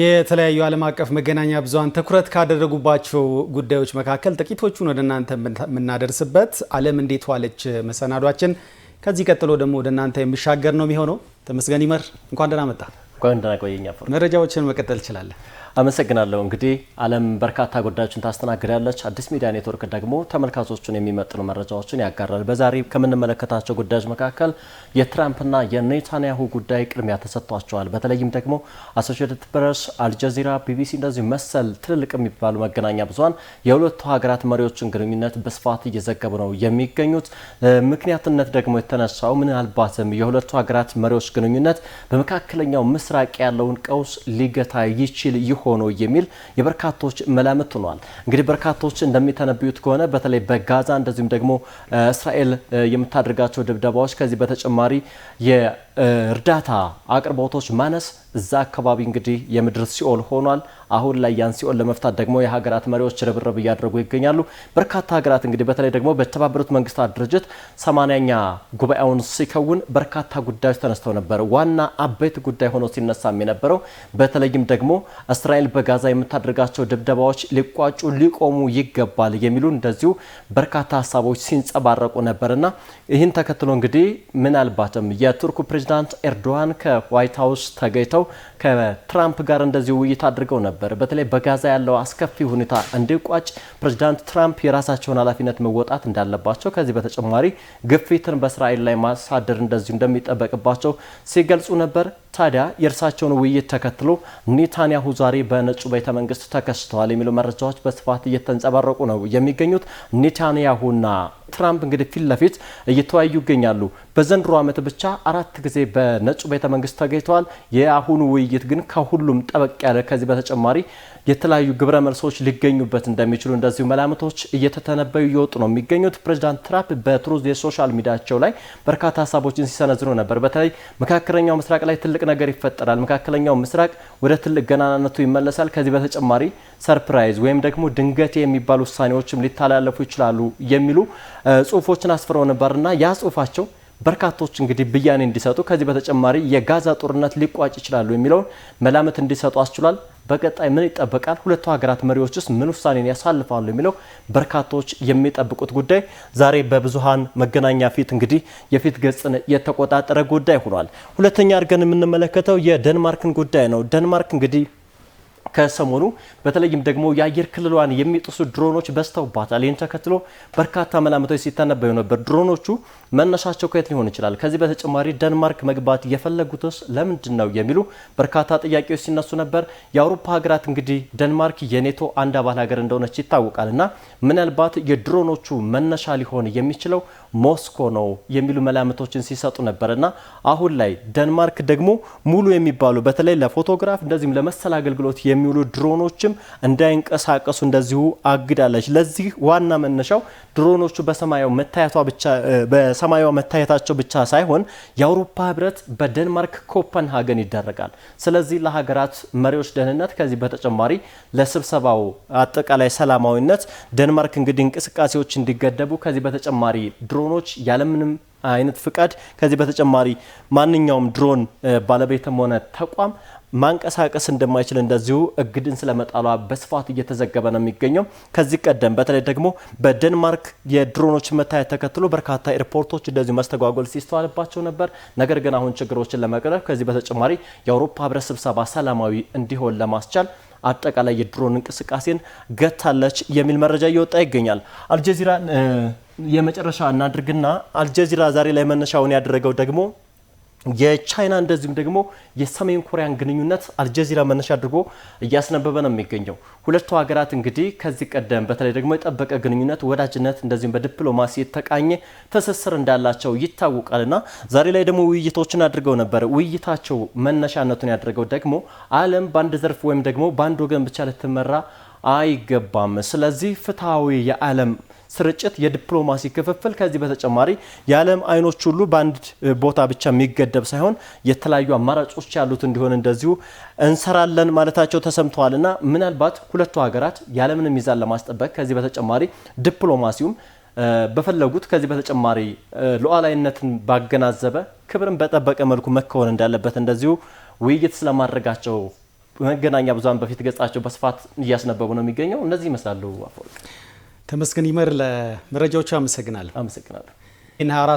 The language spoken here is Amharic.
የተለያዩ ዓለም አቀፍ መገናኛ ብዙሃን ትኩረት ካደረጉባቸው ጉዳዮች መካከል ጥቂቶቹን ወደ እናንተ የምናደርስበት ዓለም እንዴት ዋለች መሰናዷችን ከዚህ ቀጥሎ ደግሞ ወደ እናንተ የሚሻገር ነው የሚሆነው። ተመስገን ይመር፣ እንኳን ደህና መጣ። እንኳን ደህና ቆየኛ። መረጃዎችን መቀጠል ይችላለን። አመሰግናለሁ። እንግዲህ ዓለም በርካታ ጉዳዮችን ታስተናግዳለች። አዲስ ሚዲያ ኔትወርክ ደግሞ ተመልካቾቹን የሚመጥኑ መረጃዎችን ያጋራል። በዛሬ ከምንመለከታቸው ጉዳዮች መካከል የትራምፕና የኔታንያሁ ጉዳይ ቅድሚያ ተሰጥቷቸዋል። በተለይም ደግሞ አሶሽትድ ፕረስ አልጀዚራ፣ ቢቢሲ እንደዚሁ መሰል ትልልቅ የሚባሉ መገናኛ ብዙኃን የሁለቱ ሀገራት መሪዎችን ግንኙነት በስፋት እየዘገቡ ነው የሚገኙት። ምክንያትነት ደግሞ የተነሳው ምናልባትም የሁለቱ ሀገራት መሪዎች ግንኙነት በመካከለኛው ምስራቅ ያለውን ቀውስ ሊገታ ይችል ይሆ ነው የሚል የበርካቶች መላምት ሆኗል። እንግዲህ በርካቶች እንደሚተነብዩት ከሆነ በተለይ በጋዛ እንደዚሁም ደግሞ እስራኤል የምታደርጋቸው ድብደባዎች ከዚህ በተጨማሪ እርዳታ አቅርቦቶች ማነስ እዛ አካባቢ እንግዲህ የምድር ሲኦል ሆኗል። አሁን ላይ ያን ሲኦል ለመፍታት ደግሞ የሀገራት መሪዎች ርብርብ እያደረጉ ይገኛሉ። በርካታ ሀገራት እንግዲህ በተለይ ደግሞ በተባበሩት መንግስታት ድርጅት ሰማንያኛ ጉባኤውን ሲከውን በርካታ ጉዳዮች ተነስተው ነበር። ዋና አበይት ጉዳይ ሆኖ ሲነሳም የነበረው በተለይም ደግሞ እስራኤል በጋዛ የምታደርጋቸው ድብደባዎች ሊቋጩ ሊቆሙ ይገባል የሚሉ እንደዚሁ በርካታ ሀሳቦች ሲንጸባረቁ ነበርና ይህን ተከትሎ እንግዲህ ምናልባትም የቱርኩ ፕሬዚዳንት ፕሬዚዳንት ኤርዶዋን ከዋይት ሀውስ ተገኝተው ከትራምፕ ጋር እንደዚህ ውይይት አድርገው ነበር። በተለይ በጋዛ ያለው አስከፊ ሁኔታ እንዲቋጭ ፕሬዚዳንት ትራምፕ የራሳቸውን ኃላፊነት መወጣት እንዳለባቸው፣ ከዚህ በተጨማሪ ግፊትን በእስራኤል ላይ ማሳደር እንደዚሁ እንደሚጠበቅባቸው ሲገልጹ ነበር። ታዲያ የእርሳቸውን ውይይት ተከትሎ ኔታንያሁ ዛሬ በነጩ ቤተ መንግስት ተከስተዋል የሚሉ መረጃዎች በስፋት እየተንጸባረቁ ነው የሚገኙት። ኔታንያሁና ትራምፕ እንግዲህ ፊት ለፊት እየተወያዩ ይገኛሉ። በዘንድሮ ዓመት ብቻ አራት ጊዜ በነጩ ቤተ መንግስት ተገኝተዋል። የአሁኑ ውይይት ግን ከሁሉም ጠበቅ ያለ ከዚህ በተጨማሪ የተለያዩ ግብረ መልሶች ሊገኙበት እንደሚችሉ እንደዚሁ መላምቶች እየተተነበዩ እየወጡ ነው የሚገኙት። ፕሬዚዳንት ትራምፕ በትሩዝ የሶሻል ሚዲያቸው ላይ በርካታ ሀሳቦችን ሲሰነዝሩ ነበር። በተለይ መካከለኛው ምስራቅ ላይ ትልቅ ነገር ይፈጠራል፣ መካከለኛው ምስራቅ ወደ ትልቅ ገናናነቱ ይመለሳል፣ ከዚህ በተጨማሪ ሰርፕራይዝ ወይም ደግሞ ድንገቴ የሚባሉ ውሳኔዎችም ሊተላለፉ ይችላሉ የሚሉ ጽሁፎችን አስፍረው ነበርና ያ ጽሁፋቸው በርካቶች እንግዲህ ብያኔ እንዲሰጡ ከዚህ በተጨማሪ የጋዛ ጦርነት ሊቋጭ ይችላሉ የሚለውን መላምት እንዲሰጡ አስችሏል። በቀጣይ ምን ይጠበቃል? ሁለቱ ሀገራት መሪዎች ውስጥ ምን ውሳኔን ያሳልፋሉ? የሚለው በርካቶች የሚጠብቁት ጉዳይ ዛሬ በብዙሃን መገናኛ ፊት እንግዲህ የፊት ገጽን የተቆጣጠረ ጉዳይ ሆኗል። ሁለተኛ አድርገን የምንመለከተው የደንማርክን ጉዳይ ነው። ደንማርክ እንግዲህ ከሰሞኑ በተለይም ደግሞ የአየር ክልሏን የሚጥሱ ድሮኖች በዝተውባታል። ይህን ተከትሎ በርካታ መላምቶች ሲተነበዩ ነበር። ድሮኖቹ መነሻቸው ከየት ሊሆን ይችላል? ከዚህ በተጨማሪ ደንማርክ መግባት የፈለጉትስ ለምንድን ነው የሚሉ በርካታ ጥያቄዎች ሲነሱ ነበር። የአውሮፓ ሀገራት እንግዲህ ደንማርክ የኔቶ አንድ አባል ሀገር እንደሆነች ይታወቃል እና ምናልባት የድሮኖቹ መነሻ ሊሆን የሚችለው ሞስኮ ነው የሚሉ መላምቶችን ሲሰጡ ነበር እና አሁን ላይ ደንማርክ ደግሞ ሙሉ የሚባሉ በተለይ ለፎቶግራፍ እንደዚሁም ለመሰል አገልግሎት የሚ የሚውሉ ድሮኖችም እንዳይንቀሳቀሱ እንደዚሁ አግዳለች። ለዚህ ዋና መነሻው ድሮኖቹ በሰማያዊ መታየታቸው ብቻ ሳይሆን የአውሮፓ ህብረት በደንማርክ ኮፐንሃገን ይደረጋል። ስለዚህ ለሀገራት መሪዎች ደህንነት ከዚህ በተጨማሪ ለስብሰባው አጠቃላይ ሰላማዊነት ደንማርክ እንግዲህ እንቅስቃሴዎች እንዲገደቡ ከዚህ በተጨማሪ ድሮኖች ያለምንም አይነት ፍቃድ። ከዚህ በተጨማሪ ማንኛውም ድሮን ባለቤትም ሆነ ተቋም ማንቀሳቀስ እንደማይችል እንደዚሁ እግድን ስለመጣሏ በስፋት እየተዘገበ ነው የሚገኘው። ከዚህ ቀደም በተለይ ደግሞ በደንማርክ የድሮኖች መታየት ተከትሎ በርካታ ኤርፖርቶች እንደዚሁ መስተጓጎል ሲስተዋልባቸው ነበር። ነገር ግን አሁን ችግሮችን ለመቅረፍ ከዚህ በተጨማሪ የአውሮፓ ህብረት ስብሰባ ሰላማዊ እንዲሆን ለማስቻል አጠቃላይ የድሮን እንቅስቃሴን ገታለች የሚል መረጃ እየወጣ ይገኛል። አልጀዚራን የመጨረሻ እናድርግና አልጀዚራ ዛሬ ላይ መነሻውን ያደረገው ደግሞ የቻይና እንደዚሁም ደግሞ የሰሜን ኮሪያን ግንኙነት አልጀዚራ መነሻ አድርጎ እያስነበበ ነው የሚገኘው። ሁለቱ ሀገራት እንግዲህ ከዚህ ቀደም በተለይ ደግሞ የጠበቀ ግንኙነት፣ ወዳጅነት እንደዚሁም በዲፕሎማሲ የተቃኘ ትስስር እንዳላቸው ይታወቃል ና ዛሬ ላይ ደግሞ ውይይቶችን አድርገው ነበር። ውይይታቸው መነሻነቱን ያደረገው ደግሞ ዓለም በአንድ ዘርፍ ወይም ደግሞ በአንድ ወገን ብቻ ልትመራ አይገባም። ስለዚህ ፍትሐዊ የዓለም ስርጭት፣ የዲፕሎማሲ ክፍፍል ከዚህ በተጨማሪ የዓለም አይኖች ሁሉ በአንድ ቦታ ብቻ የሚገደብ ሳይሆን የተለያዩ አማራጮች ያሉት እንዲሆን እንደዚሁ እንሰራለን ማለታቸው ተሰምተዋል እና ምናልባት ሁለቱ ሀገራት የዓለምን ሚዛን ለማስጠበቅ ከዚህ በተጨማሪ ዲፕሎማሲውም በፈለጉት ከዚህ በተጨማሪ ሉዓላዊነትን ባገናዘበ ክብርን በጠበቀ መልኩ መከወን እንዳለበት እንደዚሁ ውይይት ስለማድረጋቸው መገናኛ ብዙን በፊት ገጻቸው በስፋት እያስነበቡ ነው የሚገኘው። እነዚህ ይመስላሉ አፈወርቅ። ተመስገን ይመር ለመረጃዎቹ አመሰግናለሁ። አመሰግናለሁ።